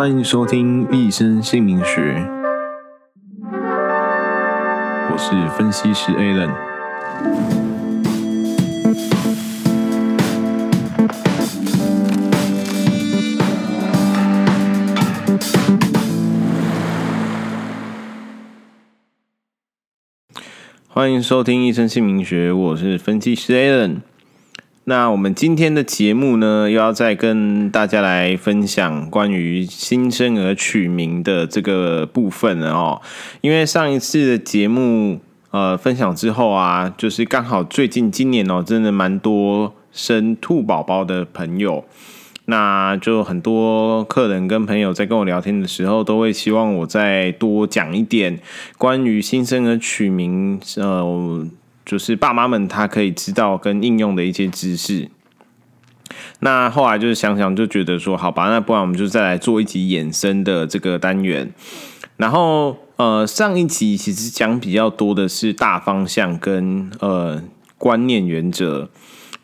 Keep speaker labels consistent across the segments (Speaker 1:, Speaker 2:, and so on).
Speaker 1: 歡迎收聽《一生姓名學》，我是分析師 Alan。歡迎收聽《一生姓名學》，我是分析師 Alan。那我們今天的節目呢，又要再跟大家來分享關於新生兒取名的這個部分了哦。因為上一次的節目，呃，分享之後啊，就是剛好最近今年哦，真的蠻多生兔寶寶的朋友，那就很多客人跟朋友在跟我聊天的時候，都會希望我再多講一點關於新生兒取名呃。就是爸媽們他可以知道跟應用的一些知識。那後來就是想想就覺得說，好吧，那不然我們就再來做一集衍生的這個單元。然後呃，上一集其實講比較多的是大方向跟呃觀念原則。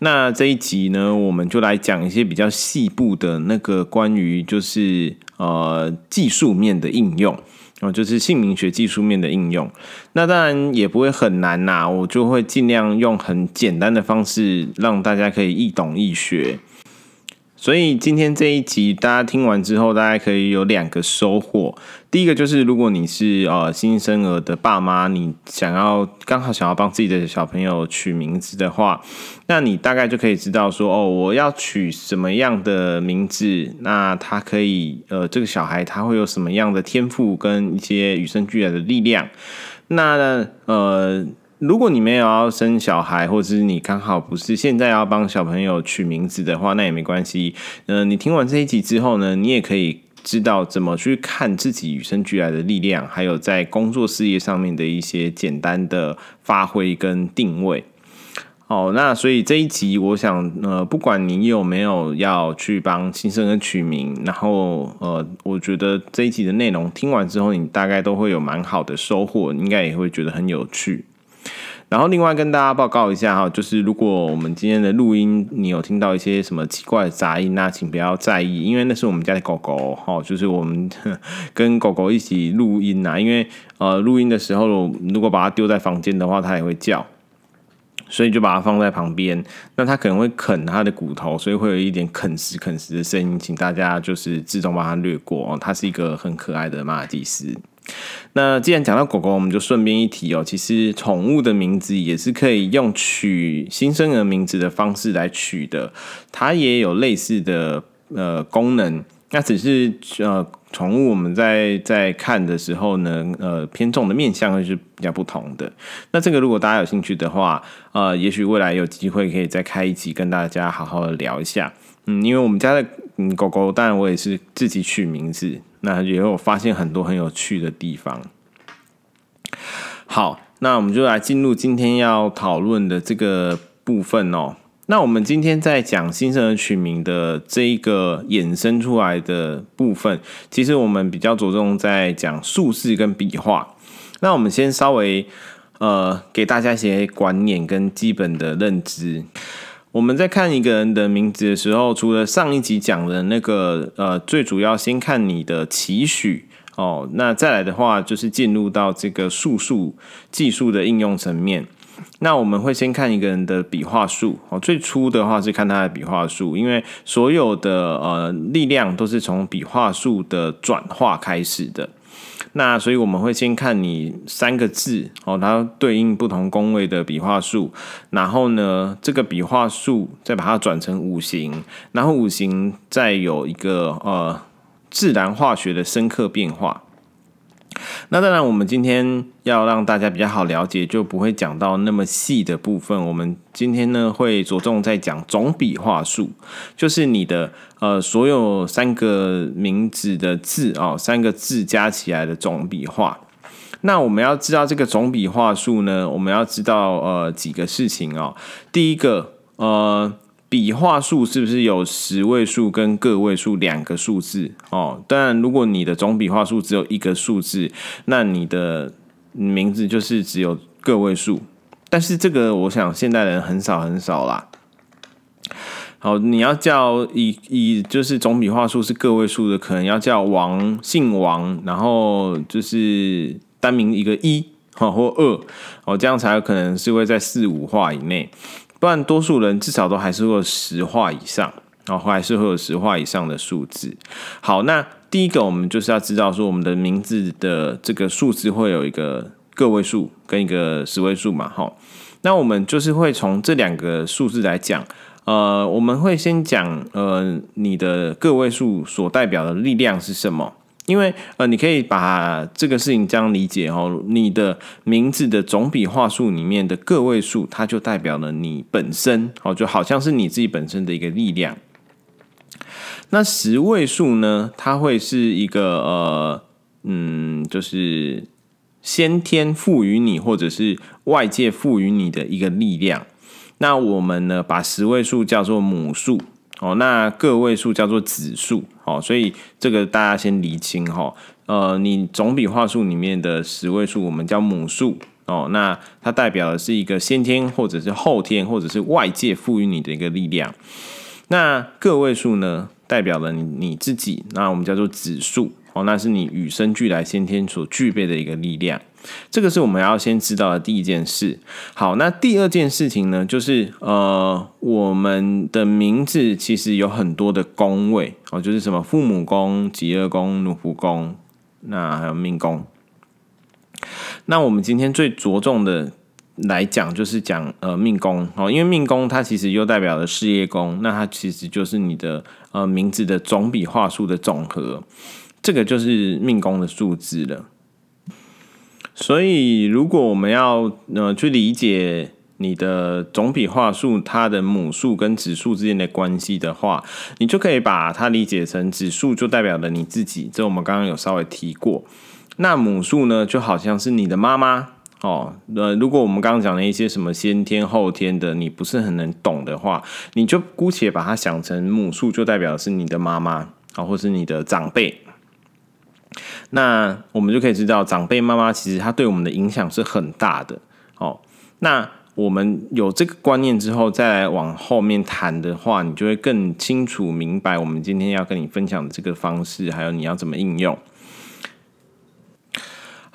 Speaker 1: 那這一集呢，我們就來講一些比較細部的那個關於就是呃技術面的應用。哦，就是姓名學技術面的應用。那當然也不會很難吶，啊，我就會盡量用很簡單的方式，讓大家可以易懂易學。所以今天這一集大家聽完之後，大概可以有兩個收穫。第一個就是，如果你是呃新生兒的爸媽，你想要剛好想要幫自己的小朋友取名字的話，那你大概就可以知道說，哦，我要取什麼樣的名字？那他可以，呃，這個小孩他會有什麼樣的天賦跟一些與生俱來的力量？那呢呃。如果你沒有要生小孩，或者是你剛好不是現在要幫小朋友取名字的話，那也沒關係。嗯、呃，你聽完這一集之後呢，你也可以知道怎麼去看自己與生俱來的力量，還有在工作事業上面的一些簡單的發揮跟定位。哦，那所以這一集，我想，呃，不管你有沒有要去幫新生兒取名，然後，呃，我覺得這一集的內容聽完之後，你大概都會有蠻好的收穫，你應該也會覺得很有趣。然後另外跟大家報告一下哈，就是如果我們今天的錄音你有聽到一些什麼奇怪的雜音啊，那請不要在意，因為那是我們家的狗狗哈，就是我們跟狗狗一起錄音啊，因為呃錄音的時候如果把它丟在房間的話，它也會叫，所以就把它放在旁邊，那它可能會啃它的骨頭，所以會有一點啃食啃食的聲音，請大家就是自動把它略過哦，它是一個很可愛的馬爾濟斯。那既然講到狗狗，我們就順便一提哦，其實寵物的名字也是可以用取新生兒名字的方式來取的，它也有類似的呃功能，那只是呃寵物我們在在看的時候呢，呃偏重的面向是比較不同的。那這個如果大家有興趣的話，呃，也許未來有機會可以再開一集跟大家好好的聊一下。嗯，因為我們家的、嗯、狗狗，當然我也是自己取名字，那也有發現很多很有趣的地方。好，那我們就來進入今天要討論的這個部分哦。那我們今天在講新生兒取名的這一個衍生出來的部分，其實我們比較着重在講數字跟筆畫。那我們先稍微呃給大家一些觀念跟基本的認知。我們在看一個人的名字的時候，除了上一集講的那個呃，最主要先看你的期許哦，那再來的話就是進入到這個術數技術的應用層面。那我們會先看一個人的筆畫數哦，最初的話是看他的筆畫數，因為所有的呃力量都是從筆畫數的轉化開始的。那所以我們會先看你三個字哦，它對應不同宮位的筆畫數，然後呢，這個筆畫數再把它轉成五行，然後五行再有一個呃自然化學的生剋變化。那當然，我們今天要讓大家比較好了解，就不會講到那麼細的部分。我們今天呢，會着重在講總筆畫數，就是你的呃所有三個名字的字啊、哦，三個字加起來的總筆畫。那我們要知道這個總筆畫數呢，我們要知道呃幾個事情哦。第一個，呃。筆畫數是不是有十位數跟個位數兩個數字哦，但如果你的總筆畫數只有一個數字，那你的名字就是只有個位數。但是這個，我想現代人很少很少啦。好，你要叫以以就是總筆畫數是個位數的，可能要叫王姓王，然後就是單名一個一、哦、或二哦，這樣才有可能是會在四五畫以內。不然，多數人至少都還是會有十畫以上，啊，還是會有十畫以上的數字。好，那第一個我們就是要知道說，我們的名字的這個數字會有一個個位數跟一個十位數嘛？哈，那我們就是會從這兩個數字來講，呃，我們會先講呃，你的個位數所代表的力量是什麼。因為呃，你可以把這個事情這樣理解哦，你的名字的總筆畫數裡面的個位數，它就代表了你本身哦，就好像是你自己本身的一個力量。那十位數呢，它會是一個呃，嗯，就是先天賦予你或者是外界賦予你的一個力量。那我們呢，把十位數叫做母數哦，那個位數叫做子數。哦，所以這個大家先釐清哈，呃，你總筆畫數裡面的十位數，我們叫母數哦，那它代表的是一個先天或者是後天或者是外界賦予你的一個力量，那，個位數呢，代表了你，你自己，那我們叫做子數哦，那是你與生俱來先天所具備的一個力量。這個是我們要先知道的第一件事。好，那第二件事情呢，就是呃，我們的名字其實有很多的宮位哦，就是什麼父母宮、疾厄宮、奴僕宮，那還有命宮。那我們今天最着重的來講，就是講呃命宮哦，因為命宮它其實又代表了事業宮，那它其實就是你的呃名字的總筆畫數的總和，這個就是命宮的數字了。所以，如果我們要呃去理解你的總筆畫數，它的母數跟子數之間的關係的話，你就可以把它理解成子數就代表了你自己，這我們剛剛有稍微提過。那母數呢，就好像是你的媽媽哦。那、呃、如果我們剛剛講了一些什麼先天後天的，你不是很能懂的話，你就姑且把它想成母數就代表的是你的媽媽啊，或是你的長輩。那我們就可以知道，長輩媽媽其實她對我們的影響是很大的。哦，那我們有這個觀念之後，再來往後面談的話，你就會更清楚明白我們今天要跟你分享的這個方式，還有你要怎麼應用。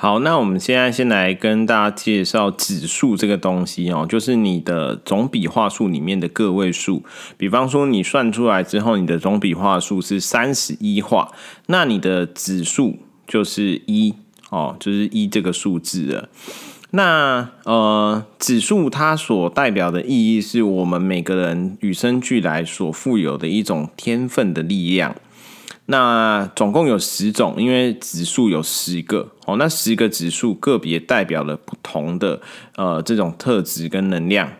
Speaker 1: 好，那我們現在先來跟大家介紹指數這個東西哦，就是你的總筆畫數裡面的個位數。比方說，你算出來之後，你的總筆畫數是三十一畫，那你的指數就是一哦，就是一這個數字了。那呃，指數它所代表的意義，是我們每個人與生俱來所富有的一種天分的力量。那總共有十種，因為指數有十個哦。那十個指數個別代表了不同的呃這種特質跟能量。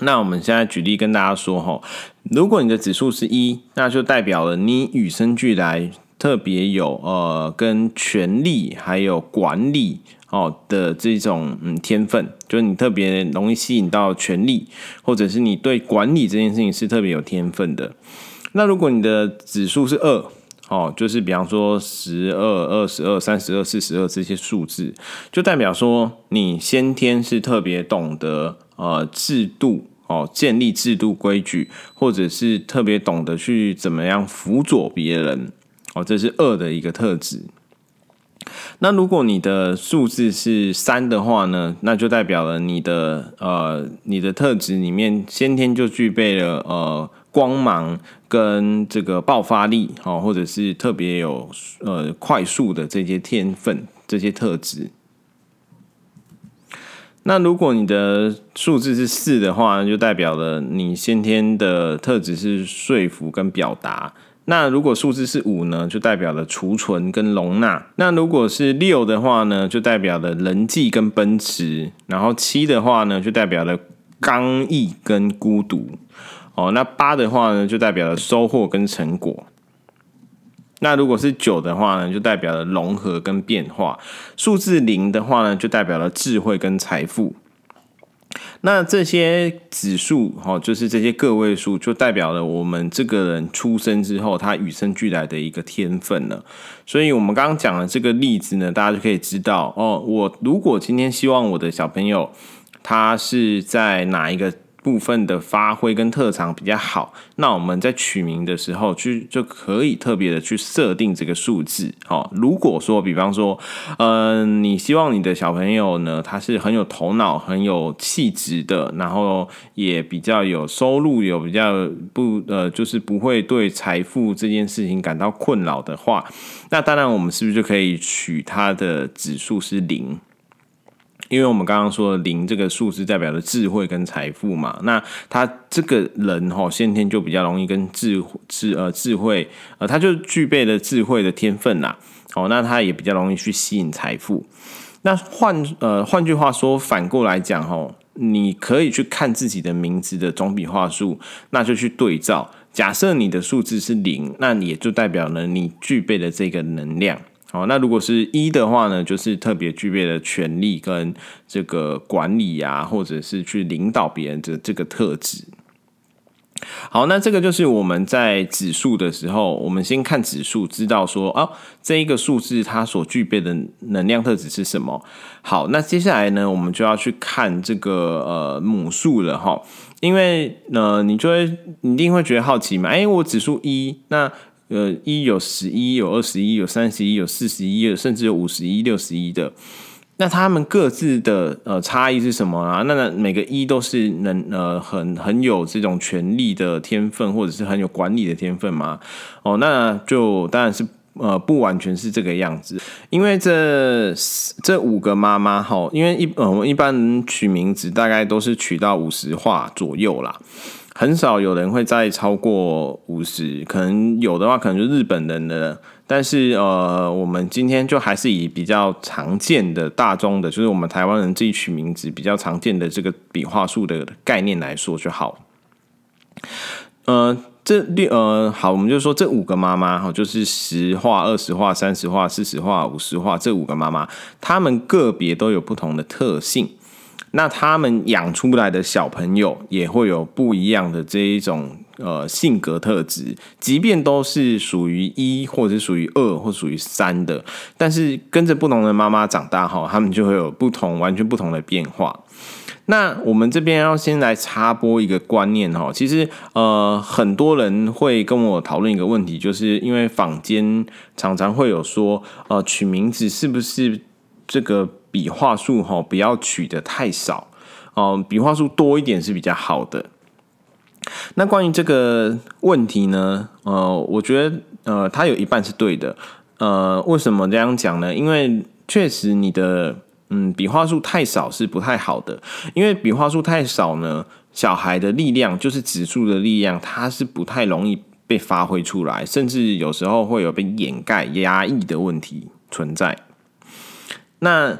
Speaker 1: 那我們現在舉例跟大家說哈，如果你的指數是一，那就代表了你與生俱來特別有呃跟權力還有管理哦、呃、的這種嗯天分，就是你特別容易吸引到權力，或者是你對管理這件事情是特別有天分的。那如果你的指數是二，哦，就是比方說十二、二十二、三十二、四十二這些數字，就代表說你先天是特別懂得呃制度哦，建立制度規矩，或者是特別懂得去怎麼樣輔佐別人哦，這是二的一個特質。那如果你的數字是三的話呢，那就代表了你的呃你的特質裡面先天就具備了呃光芒跟這個爆發力哦，或者是特別有呃快速的這些天分這些特質。那如果你的數字是四的話呢，就代表了你先天的特質是說服跟表達。那如果數字是五呢，就代表了儲存跟容納；那如果是六的話呢，就代表了人際跟奔馳；然後七的話呢，就代表了剛毅跟孤獨；哦，那八的話呢，就代表了收穫跟成果；那如果是九的話呢，就代表了融合跟變化；數字零的話呢，就代表了智慧跟財富。那這些指數，吼，就是這些個位數，就代表了我們這個人出生之後，他與生俱來的一個天分了。所以，我們剛剛講的這個例子呢，大家就可以知道哦，我如果今天希望我的小朋友，他是在哪一個部分的發揮跟特長比較好，那我們在取名的時候去就可以特別的去設定這個數字。好，如果說比方說，嗯、呃，你希望你的小朋友呢，他是很有頭腦、很有氣質的，然後也比較有收入，有比較不呃，就是不會對財富這件事情感到困擾的話，那當然我們是不是就可以取他的指數是零？因為我們剛剛說零這個數字代表的智慧跟財富嘛，那他這個人吼、哦、先天就比較容易跟智智呃智慧呃，他就具備了智慧的天分啦。哦，那他也比較容易去吸引財富。那換呃換句話說，反過來講吼、哦，你可以去看自己的名字的總筆畫數，那就去對照。假設你的數字是零，那也就代表了你具備了這個能量。好，那如果是一的話呢，就是特別具備了權力跟這個管理啊，或者是去領導別人的這個特質。好，那這個就是我們在指數的時候，我們先看指數，知道說啊、哦，這一個數字它所具備的能量特質是什麼。好，那接下來呢，我們就要去看這個呃母數了哈，因為呃，你就會你一定會覺得好奇嘛，哎、欸，我指數一那。呃，一有十一，有二十一，有三十一，有四十一，甚至有五十一、六十一的。那他們各自的呃差異是什麼啊？那每個一都是能呃很很有這種權力的天分，或者是很有管理的天分嗎？哦，那就當然是呃不完全是這個樣子。因為這這五個媽媽哈，因為一呃我們一般取名字大概都是取到五十畫左右啦。很少有人會再超過五十，可能有的話，可能就日本人的。但是呃，我們今天就還是以比較常見的、大宗的，就是我們台灣人這一群名字比較常見的這個筆畫數的概念來說就好。呃，這六呃好，我們就說這五個媽媽哈，就是十畫、二十畫、三十畫、四十畫、五十畫這五個媽媽，她們個別都有不同的特性。那他們養出來的小朋友也會有不一樣的這一種呃性格特質，即便都是屬於一或者屬於二或屬於三的，但是跟着不同的媽媽長大後，他們就會有不同、完全不同的變化。那我們這邊要先來插播一個觀念哈，其實呃很多人會跟我討論一個問題，就是因為坊間常常會有說，呃取名字是不是？這個筆畫數吼，不要取得太少，嗯、呃，筆畫數多一點是比較好的。那關於這個問題呢，呃，我覺得呃，它有一半是對的。呃，為什麼這樣講呢？因為確實你的嗯筆畫數太少是不太好的，因為筆畫數太少呢，小孩的力量就是指數的力量，它是不太容易被發揮出來，甚至有時候會有被掩蓋、壓抑的問題存在。那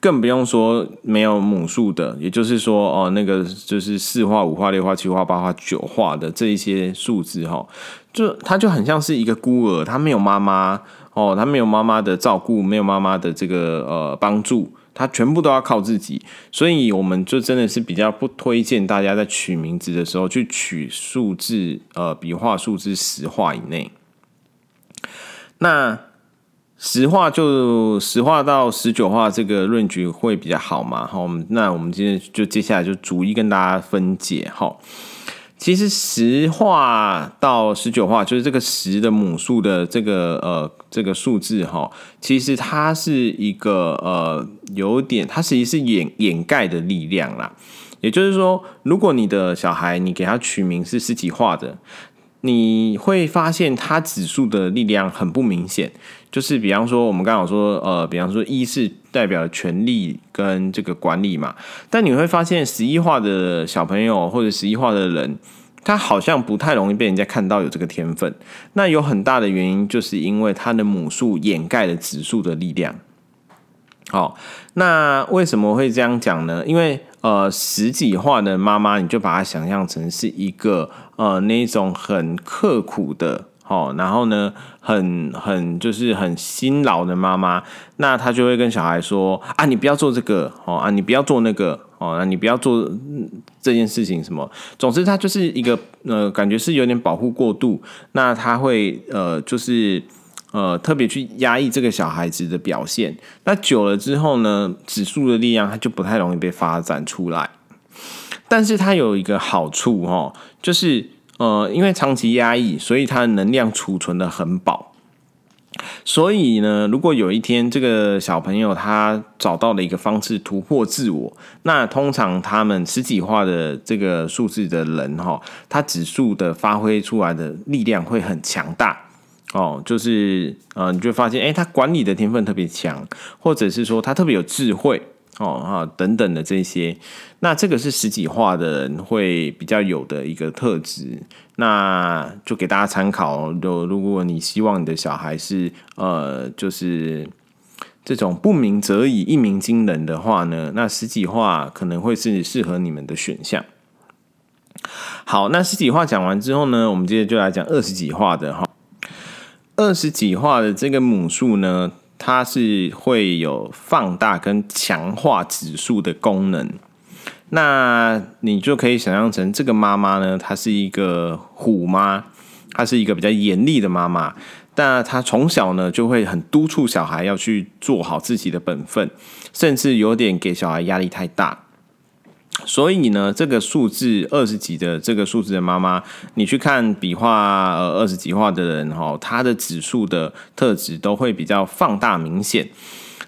Speaker 1: 更不用說沒有母數的，也就是說，哦，那個就是四畫、五畫、六畫、七畫、八畫、九畫的這一些數字，哦，哈,就，它就很像是一個孤兒，他沒有媽媽，哦，他沒有媽媽的照顧，沒有媽媽的這個呃幫助，他全部都要靠自己，所以我們就真的是比較不推薦大家在取名字的時候去取數字，呃，筆畫數字十畫以內，那。十畫就十畫到十九畫，這個論局會比較好嘛？好，我們那我們今天就接下來就逐一跟大家分解哈。其實十畫到十九畫，就是這個十的母數的這個呃這個數字哈，其實它是一個呃有點，它其實是掩掩蓋的力量啦。也就是說，如果你的小孩你給他取名是十幾畫的。你會發現它，指數的力量很不明顯，就是比方說我們剛好說，呃，比方說一、e、是代表權力跟這個管理嘛，但你會發現十一畫的小朋友或者十一畫的人，他好像不太容易被人家看到有這個天分。那有很大的原因就是因為他的母數掩蓋了指數的力量。好、哦，那為什麼會這樣講呢？因為呃，實際化的媽媽，媽媽你就把她想象成是一個呃，那種很刻苦的，哦，然後呢，很很就是很辛勞的媽媽，那她就會跟小孩說啊，你不要做這個哦，啊，你不要做那個哦、啊，你不要做這件事情什麼，總之，她就是一個呃，感覺是有點保護過度，那她會呃，就是。呃，特別去壓抑這個小孩子的表現，那久了之後呢，指數的力量它就不太容易被發展出來。但是它有一個好處哈，就是呃，因為長期壓抑，所以它的能量儲存得很飽。所以呢，如果有一天這個小朋友他找到了一個方式突破自我，那通常他們實體化的這個數字的人哈，他指數的發揮出來的力量會很強大。哦，就是，呃，你就發現，哎、欸，他管理的天分特別強，或者是說他特別有智慧，哦，啊、哦，等等的這些，那這個是十幾畫的人會比較有的一個特質，那就給大家參考。如、哦、如果你希望你的小孩是，呃，就是這種不鳴則已，一鳴驚人的話呢，那十幾畫可能會是適合你們的選項。好，那十幾畫講完之後呢，我們接着就來講二十幾畫的哈。哦二十幾畫的這個母數呢，它是會有放大跟強化指數的功能。那你就可以想象成這個媽媽呢，她是一個虎媽，她是一個比較嚴厲的媽媽。但她從小呢，就會很督促小孩要去做好自己的本分，甚至有點給小孩壓力太大。所以呢，這個數字二十幾的這個數字的媽媽，你去看筆畫呃，二十幾畫的人哈，它，的指數的特質都會比較放大明顯。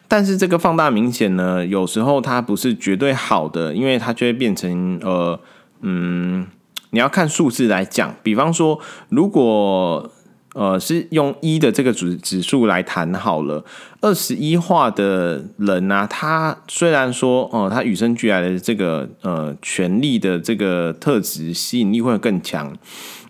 Speaker 1: 但是這個放大明顯呢，有時候它不是絕對好的，因為它就會變成呃嗯，你要看數字來講，比方說如果。呃，是用一的這個指指數來談好了。二十一畫的人呢，啊，他雖然說哦，呃，他與生俱來的這個呃權力的這個特質吸引力會更強，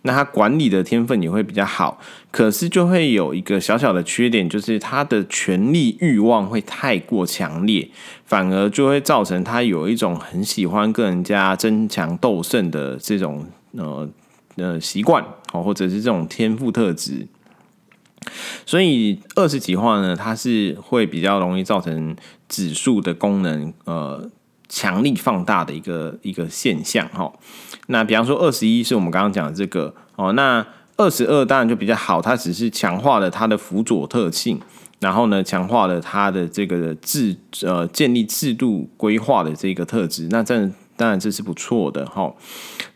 Speaker 1: 那他管理的天分也會比較好，可是就會有一個小小的缺點，就是他的權力慾望會太過強烈，反而就會造成他有一種很喜歡跟人家爭強鬥勝的這種呃。的習慣，或者是這種天賦特質，所以二十幾劃呢，它是會比較容易造成指數的功能，呃，強力放大的一個一個現象，哈。那比方說二十一是我們剛剛講的這個，哦，那二十二當然就比較好，它只是強化了它的輔佐特性，然後呢，強化了它的這個制，呃，建立制度規劃的這個特質，那在。當然這是不錯的吼，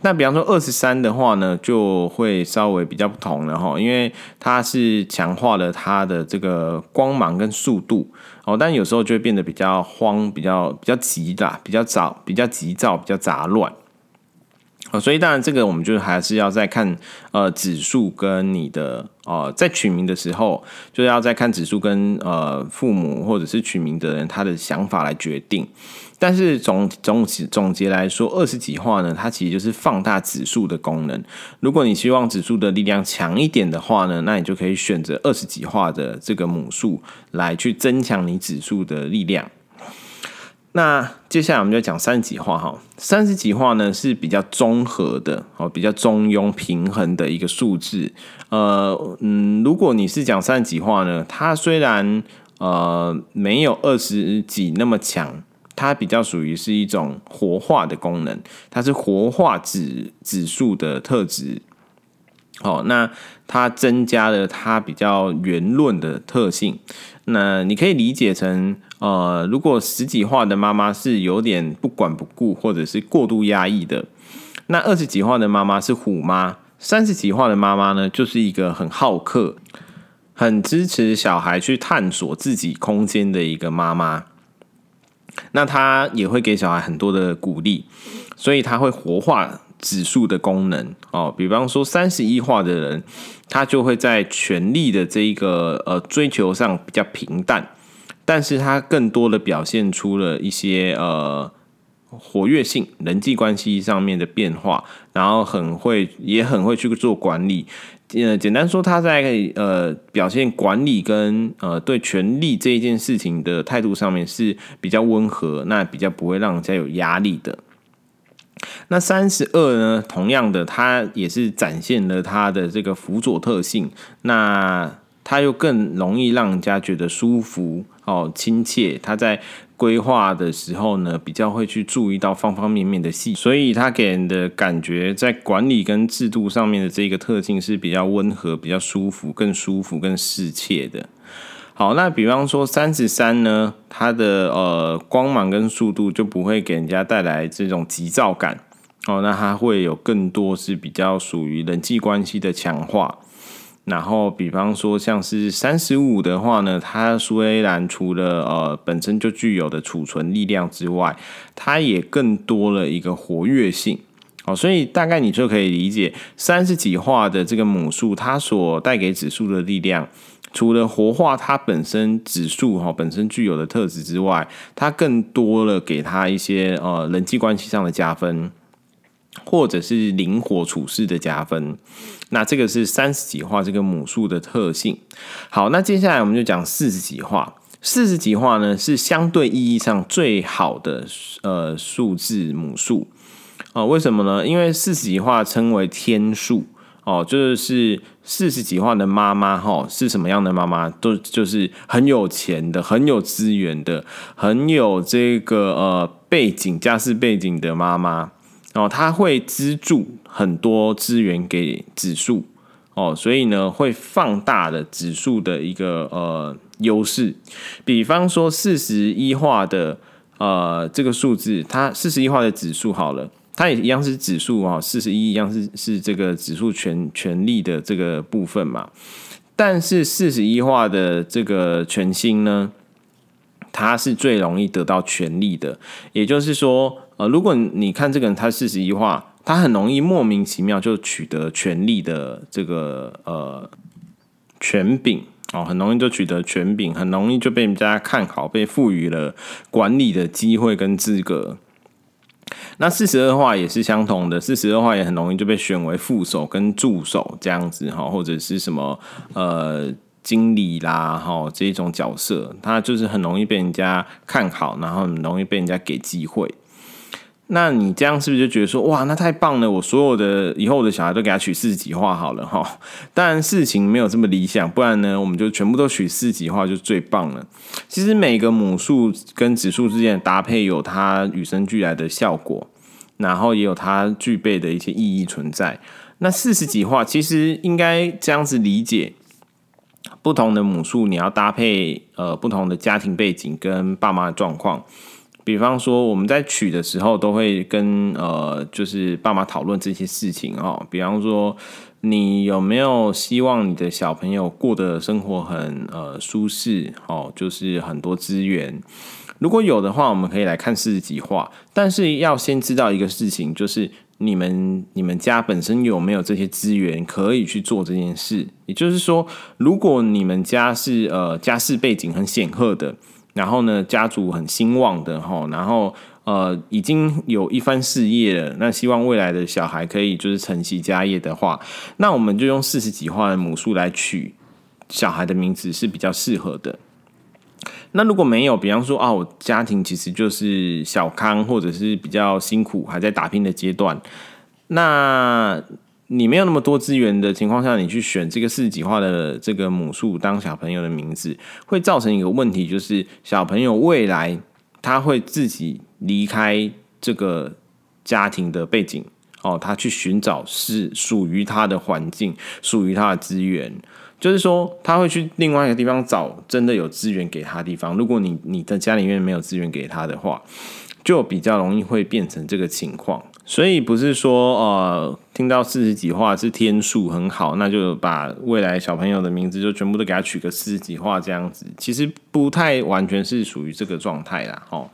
Speaker 1: 那比方說二十三的話呢，就會稍微比較不同了哈，因為它是強化了它的這個光芒跟速度哦，但有時候就會變得比較慌、比較比較急的啦、比較早、比較急躁、比較雜亂。所以當然這個我們就還是要再看呃指數跟你的啊、呃、在取名的時候，就要再看指數跟呃父母或者是取名的人他的想法來決定。但是總總體總結來說，二十幾畫呢，它其實就是放大指數的功能。如果你希望指數的力量強一點的話呢，那你就可以選擇二十幾畫的這個母數來去增強你指數的力量。那接下來我們就講三十幾畫哈，三十幾畫呢是比較綜合的哦，比較中庸平衡的一個數字。呃，嗯，如果你是講三十幾畫呢，它雖然呃沒有二十幾那麼強。它比較屬於是一種活化的功能，它是活化指指數的特質。哦，那它增加了它比較圓潤的特性。那你可以理解成，呃，如果十幾畫的媽媽是有點不管不顧或者是過度壓抑的，那二十幾畫的媽媽是虎媽，三十幾畫的媽媽呢就是一個很好客、很支持小孩去探索自己空間的一個媽媽。那他也會給小孩很多的鼓勵，所以他會活化指數的功能哦。比方說三十一劃的人，他就會在權力的這一個呃追求上比較平淡，但是他更多的表現出了一些呃活躍性、人際關係上面的變化，然後很會也很會去做管理。簡單說，他在呃表現管理跟呃對權力這一件事情的態度上面是比較溫和，那比較不會讓人家有壓力的。那三十二呢，同樣的，它也是展現了它的這個輔佐特性，那它又更容易讓人家覺得舒服哦，親切。他在。規劃的時候呢，比較會去注意到方方面面的細節，所以他給人的感覺在管理跟制度上面的這個特性是比較溫和、比較舒服、更舒服、更適切的。好，那比方說三十三呢，它的呃光芒跟速度就不會給人家帶來這種急躁感哦，那它會有更多是比較屬於人際關係的強化。然後，比方說像是三十五的話呢，它雖然除了呃本身就具有的儲存力量之外，它也更多了一個活躍性。好、哦，所以大概你就可以理解三十幾畫的這個母數，它所帶給指數的力量，除了活化它本身指數哈、哦、本身具有的特質之外，它更多了給它一些呃人際關係上的加分。或者是靈活處事的加分，那這個是三十幾畫這個母數的特性。好，那接下來我們就講四十幾畫。四十幾畫呢是相對意義上最好的呃數字母數哦、呃，為什麼呢？因為四十幾畫稱為天數哦、呃，就是四十幾畫的媽媽哈，是什麼樣的媽媽？都就是很有錢的、很有資源的、很有這個呃背景、家世背景的媽媽。哦，它會資助很多資源給子數哦，所以呢會放大了子數的一個呃優勢。比方說四十一畫的呃這個數字，它四十一畫的子數好了，它也一樣是子數哈，四十一一樣是是這個子數權權力的這個部分嘛。但是四十一畫的這個全新呢，它是最容易得到權力的，也就是說。啊、呃，如果你看這個人，他四十一劃，他很容易莫名其妙就取得權力的這個呃權柄哦，很容易就取得權柄，很容易就被人家看好，被賦予了管理的機會跟資格。那四十二劃也是相同的，四十二劃也很容易就被選為副手跟助手這樣子哈，或者是什麼呃經理啦哈這一種角色，他就是很容易被人家看好，然後很容易被人家給機會。那你這樣是不是就覺得說哇，那太棒了？我所有的以後我的小孩都給他取四十幾畫好了哈。當然事情沒有這麼理想，不然呢我們就全部都取四十幾畫就最棒了。其實每個母數跟子數之間的搭配有它與生俱來的效果，然後也有它具備的一些意義存在。那四十幾畫其實應該這樣子理解：不同的母數你要搭配呃不同的家庭背景跟爸媽的狀況。比方說，我們在取的時候，都會跟呃，就是爸媽討論這些事情哦。比方說，你有沒有希望你的小朋友過得生活很呃舒適哦？就是很多資源，如果有的話，我們可以來看四十幾劃。但是要先知道一個事情，就是你們你們家本身有沒有這些資源可以去做這件事？也就是說，如果你們家是呃家世背景很顯赫的。然後呢，家族很興旺的，然後呃，已經有一番事業了，那希望未來的小孩可以就是承襲家業的話，那我們就用四十幾畫的母數來取小孩的名字是比較適合的。那如果沒有，比方說啊，我家庭其實就是小康或者是比較辛苦還在打拼的階段，那。你沒有那麼多資源的情況下，你去選這個四字化的這個母數當小朋友的名字，會造成一個問題，就是小朋友未來他會自己離開這個家庭的背景哦，他去尋找是屬於他的環境、屬於他的資源，就是說他會去另外一個地方找真的有資源給他的地方。如果你你的家裡面沒有資源給他的話，就比較容易會變成這個情況。所以不是說呃，聽到四十幾劃是天數很好，那就把未來小朋友的名字就全部都給他取個四十幾劃這樣子，其實不太完全是屬於這個狀態啦，吼。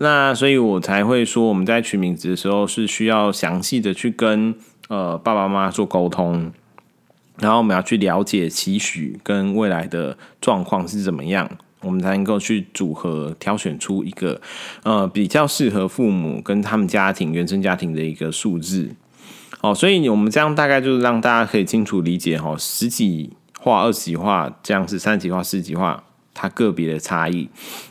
Speaker 1: 那所以我才會說，我們在取名字的時候是需要詳細的去跟呃爸爸媽媽做溝通，然後我們要去了解期許跟未來的狀況是怎麼樣。我們才能夠去組合、挑選出一個，呃，比較適合父母跟他們家庭、原生家庭的一個數字。哦，所以我們這樣大概就是讓大家可以清楚理解哈，十幾劃、二十幾劃，這樣是三十幾劃、四十幾劃，它個別的差異。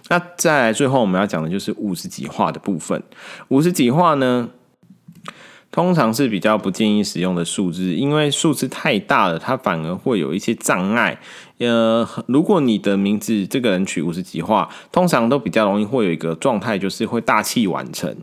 Speaker 1: 那再來最後我們要講的就是五十幾劃的部分。五十幾劃呢？通常是比較不建議使用的數字，因為數字太大了，它反而會有一些障礙。呃，如果你的名字這個人取五十幾劃，通常都比較容易會有一個狀態，就是會大器晚成，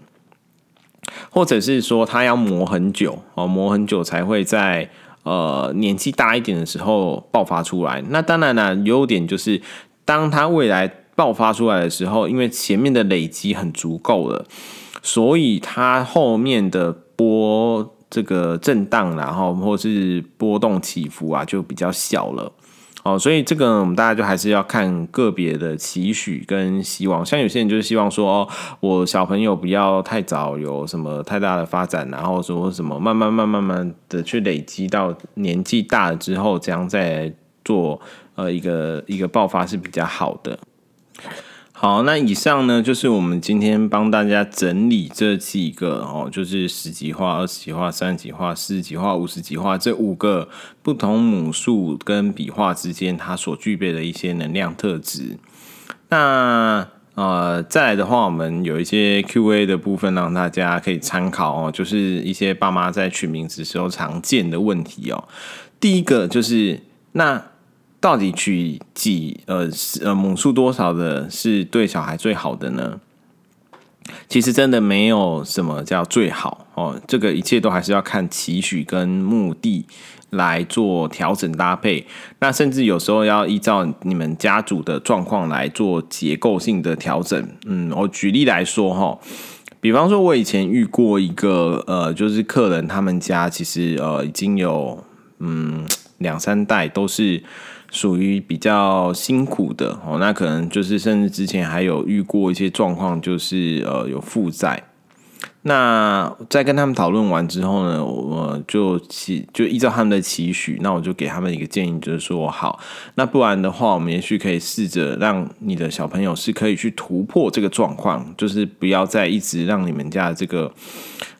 Speaker 1: 或者是說他要磨很久哦，磨很久才會在呃年紀大一點的時候爆發出來。那當然了，啊，優點就是當他未來爆發出來的時候，因為前面的累積很足夠了，所以他後面的。波這個震盪，然後或是波動起伏啊，就比較小了。哦，所以這個我們大家就還是要看個別的期許跟希望。像有些人就是希望說，哦，我小朋友不要太早有什麼太大的發展，然後說什麼慢慢、慢慢、慢、慢、慢、慢的去累積到年紀大了之後，這樣再做，呃，一個一個爆發是比較好的。好，那以上呢，就是我們今天幫大家整理這幾個哦，就是十幾畫、二十幾畫、三十幾畫、四十幾畫、五十幾畫這五個不同母數跟筆畫之間，它所具備的一些能量特質。那呃，再來的話，我們有一些 QA 的部分，讓大家可以參考哦，就是一些爸媽在取名字時候常見的問題哦。第一個就是那。到底取幾呃呃母數多少的，是對小孩最好的呢？其實真的沒有什麼叫最好哦，這個一切都還是要看期許跟目的來做調整搭配。那甚至有時候要依照你們家族的狀況來做結構性的調整。嗯，我舉例來說哈、哦，比方說我以前遇過一個呃，就是客人他們家其實呃已經有嗯兩三代都是。屬於比較辛苦的哦，那可能就是甚至之前還有遇過一些狀況，就是呃有負債。那在跟他們討論完之後呢，我就起就依照他們的期許，那我就給他們一個建議，就是說好。那不然的話，我們也許可以試着讓你的小朋友是可以去突破這個狀況，就是不要再一直讓你們家的這個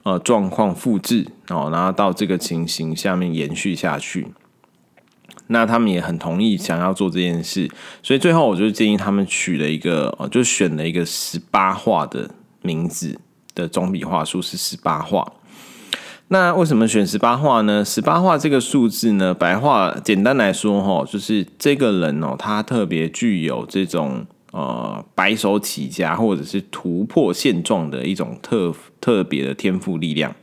Speaker 1: 呃狀況複製哦，然後到這個情形下面延續下去。那他們也很同意想要做這件事，所以最後我就建議他們取了一個呃，就選了一個十八畫的名字的總筆畫數是十八畫。那為什麼選十八畫呢？十八畫這個數字呢，白話簡單來說哈，就是這個人哦，他特別具有這種呃白手起家或者是突破現狀的一種特特別的天賦力量。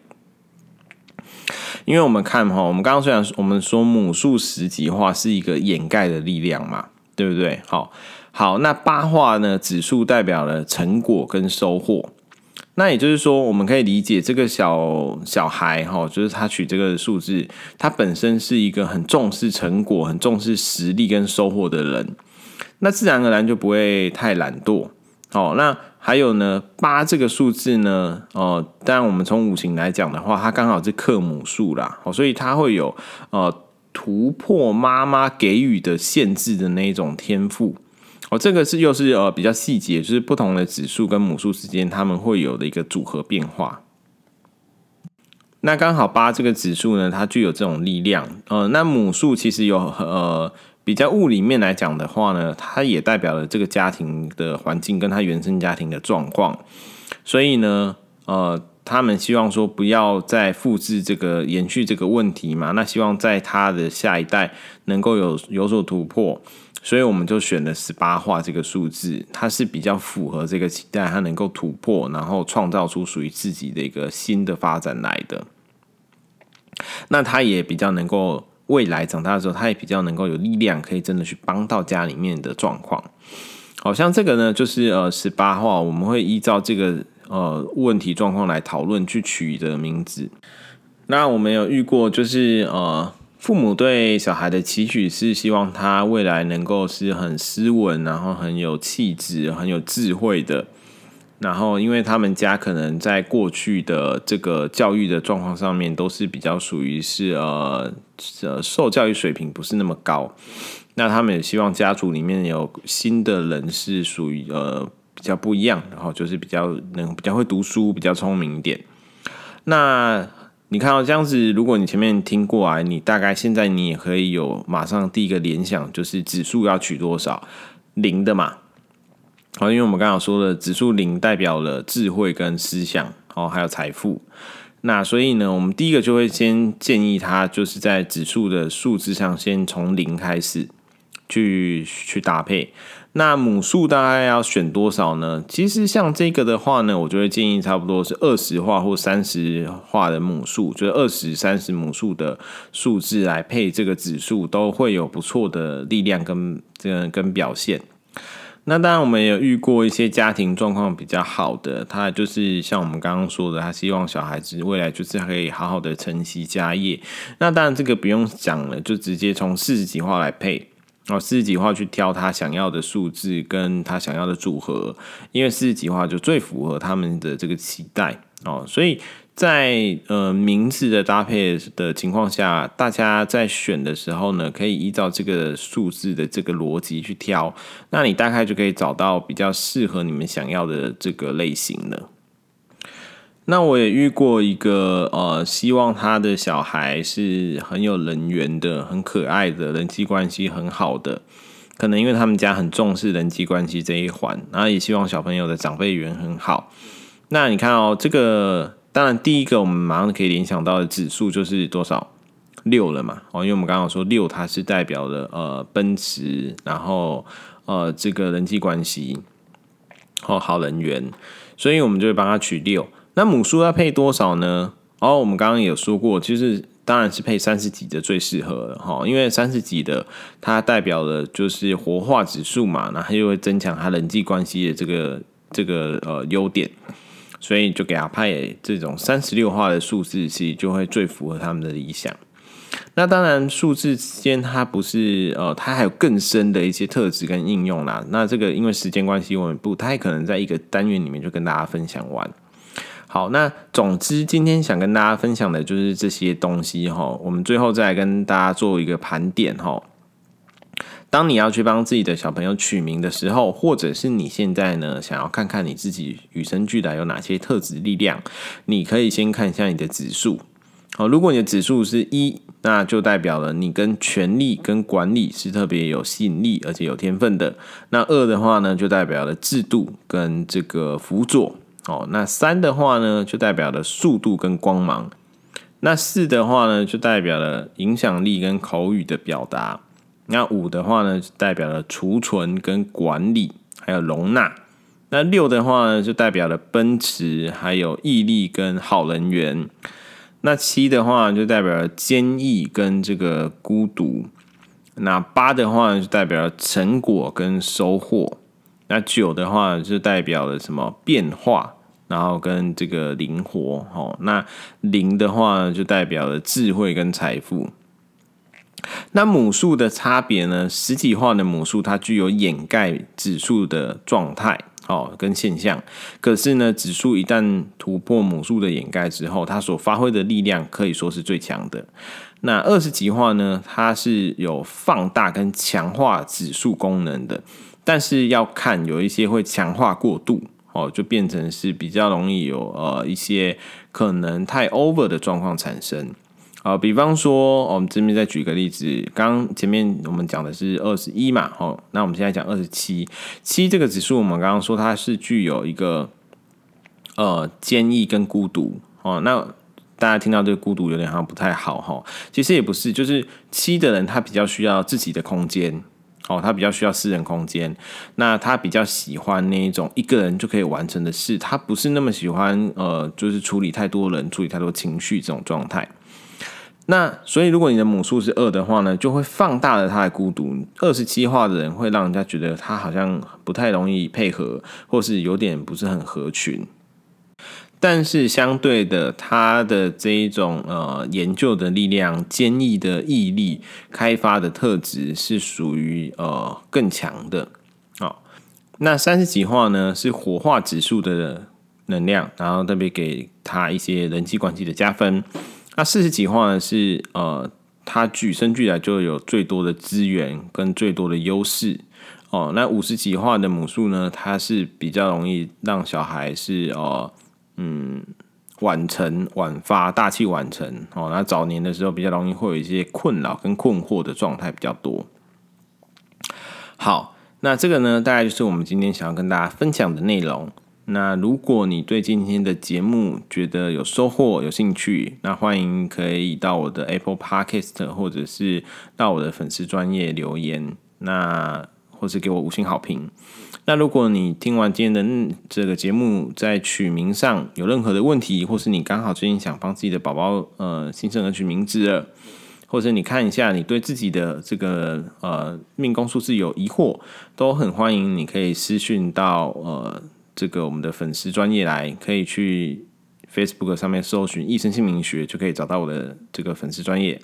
Speaker 1: 因為我們看哈，我們剛剛雖然我們說母數十幾畫是一個掩蓋的力量嘛，對不對？好好，那八畫呢？指數代表了成果跟收穫。那也就是說，我們可以理解這個小小孩哈，就是他取這個數字，他本身是一個很重視成果、很重視實力跟收穫的人，那自然而然就不會太懶惰。哦，那還有呢？八這個數字呢？哦、呃，當然我們從五行來講的話，它剛好是克母數啦。哦，所以它會有呃突破媽媽給予的限制的那一種天賦。哦，這個是又是呃比較細節，就是不同的指數跟母數之間它們會有的一個組合變化。那剛好八這個指數呢，它具有這種力量。呃，那母數其實有呃。比較物理面來講的話呢，它也代表了這個家庭的環境跟他原生家庭的狀況，所以呢，呃，他們希望說不要再複製這個，延續這個問題嘛，那希望在他的下一代能夠有有所突破，所以我們就選了十八畫這個數字，它是比較符合這個期待，它能夠突破，然後創造出屬於自己的一個新的發展來的，那它也比較能夠。未來長大的時候，他也比較能夠有力量，可以真的去幫到家裡面的狀況。好像這個呢，就是呃，十八號我們會依照這個呃問題狀況來討論去取的名字。那我們有遇過，就是呃，父母對小孩的期許是希望他未來能夠是很斯文，然後很有氣質、很有智慧的。然後，因為他們家可能在過去的這個教育的狀況上面，都是比較屬於是呃呃受教育水平不是那麼高，那他們也希望家族裡面有新的人是屬於呃比較不一樣，然後就是比較能比較會讀書，比較聰明一點。那你看到、哦、這樣子，如果你前面聽過來、啊，你大概現在你也可以有馬上第一個聯想，就是指數要取多少零的嘛。好，因為我們剛剛說的指數零代表了智慧跟思想，哦，還有財富。那所以呢，我們第一個就會先建議他，就是在指數的數字上，先從零開始去去搭配。那母數大概要選多少呢？其實像這個的話呢，我就會建議差不多是二十畫或三十畫的母數，就是二十三十母數的數字來配這個指數，都會有不錯的力量跟這、呃、跟表現。那當然，我們也有遇過一些家庭狀況比較好的，他就是像我們剛剛說的，他希望小孩子未來就是可以好好的承襲家業。那當然，這個不用講了，就直接從四十幾畫來配哦，四十幾畫去挑他想要的數字跟他想要的組合，因為四十幾畫就最符合他們的這個期待哦，所以。在呃名字的搭配的情況下，大家在選的時候呢，可以依照這個數字的這個邏輯去挑，那你大概就可以找到比較適合你們想要的這個類型了。那我也遇過一個呃，希望他的小孩是很有人緣的、很可愛的、人際關係很好的，可能因為他們家很重視人際關係這一環，然後也希望小朋友的長輩緣很好。那你看哦，這個。當然，第一個我們馬上可以聯想到的指數就是多少六了嘛？哦，因為我們剛剛說六，它是代表了呃奔馳，然後呃這個人際關係哦，好人緣，所以我們就會幫他取六。那母數要配多少呢？哦，我們剛剛有說過，就是當然是配三十幾的最適合了哈，因為三十幾的它代表的就是活化指數嘛，然後又會增強他人際關係的這個這個呃優點。所以就給阿派這種三十六畫的數字，其實就會最符合他們的理想。那當然，數字之間它不是呃，它還有更深的一些特質跟應用啦。那這個因為時間關係，我們不太可能在一個單元裡面就跟大家分享完。好，那總之今天想跟大家分享的就是這些東西吼，我們最後再來跟大家做一個盤點吼！當你要去幫自己的小朋友取名的時候，或者是你現在呢，想要看看你自己與生俱來有哪些特質力量，你可以先看一下你的指數。好，如果你的指數是一，那就代表了你跟權力跟管理是特別有吸引力，而且有天分的。那二的話呢，就代表了制度跟這個輔佐。哦，那三的話呢，就代表了速度跟光芒。那四的話呢，就代表了影響力跟口語的表達。那五的話呢，就代表了儲存跟管理，還有容納；那六的話呢，就代表了奔馳，還有毅力跟好人緣；那七的話，就代表了堅毅跟這個孤獨；那八的話呢，就代表了成果跟收穫；那九的話，就代表了什麼變化，然後跟這個靈活；哦，那零的話呢，就代表了智慧跟財富。那母數的差別呢？十幾劃的母數，它具有掩蓋指數的狀態，哦，跟現象。可是呢，指數一旦突破母數的掩蓋之後，它所發揮的力量可以說是最強的。那二十幾劃呢，它是有放大跟強化指數功能的，但是要看有一些會強化過度，哦，就變成是比較容易有呃一些可能太 over 的狀況產生。好，比方說，我們這邊再舉個例子，剛前面我們講的是二十一嘛，哦，那我們現在講二十七，七這個指數，我們剛剛說它是具有一個呃堅毅跟孤獨哦，那大家聽到這個孤獨有點好像不太好哈，其實也不是，就是七的人他比較需要自己的空間，哦，他比較需要私人空間，那他比較喜歡那一種一個人就可以完成的事，他不是那麼喜歡呃，就是處理太多人，處理太多情緒這種狀態。那所以，如果你的母數是二的話呢，就會放大了他的孤獨。二十七畫的人會讓人家覺得他好像不太容易配合，或是有點不是很合群。但是相對的，他的這一種呃研究的力量、堅毅的毅力、開發的特質是屬於呃更強的。好、哦，那三十幾畫呢，是活化指數的能量，然後特別給他一些人際關係的加分。那四十幾畫呢？是呃，它與生俱來就有最多的資源跟最多的優勢哦。那五十幾畫的母數呢？它是比較容易讓小孩是哦、呃，嗯，晚成晚發，大器晚成哦。那、呃、早年的時候比較容易會有一些困擾跟困惑的狀態比較多。好，那這個呢，大概就是我們今天想要跟大家分享的內容。那，如果你對今天的節目覺得有收穫、有興趣，那歡迎可以到我的 Apple Podcast，或者是到我的粉絲專頁留言，那或是給我五星好評。那如果你聽完今天的這個節目，在取名上有任何的問題，或是你剛好最近想幫自己的寶寶呃，新生兒取名字，或者你看一下你對自己的這個呃命宮數字有疑惑，都很歡迎你可以私訊到呃。這個我們的粉絲專頁來，可以去 Facebook 上面搜尋“一生姓名學”，就可以找到我的這個粉絲專頁。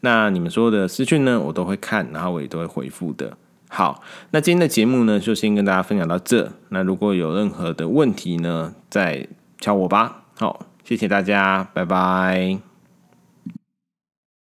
Speaker 1: 那你們說的私訊呢，我都會看，然後我也都會回復的。好，那今天的節目呢，就先跟大家分享到這。那如果有任何的問題呢，再敲我吧。好，謝謝大家，拜拜。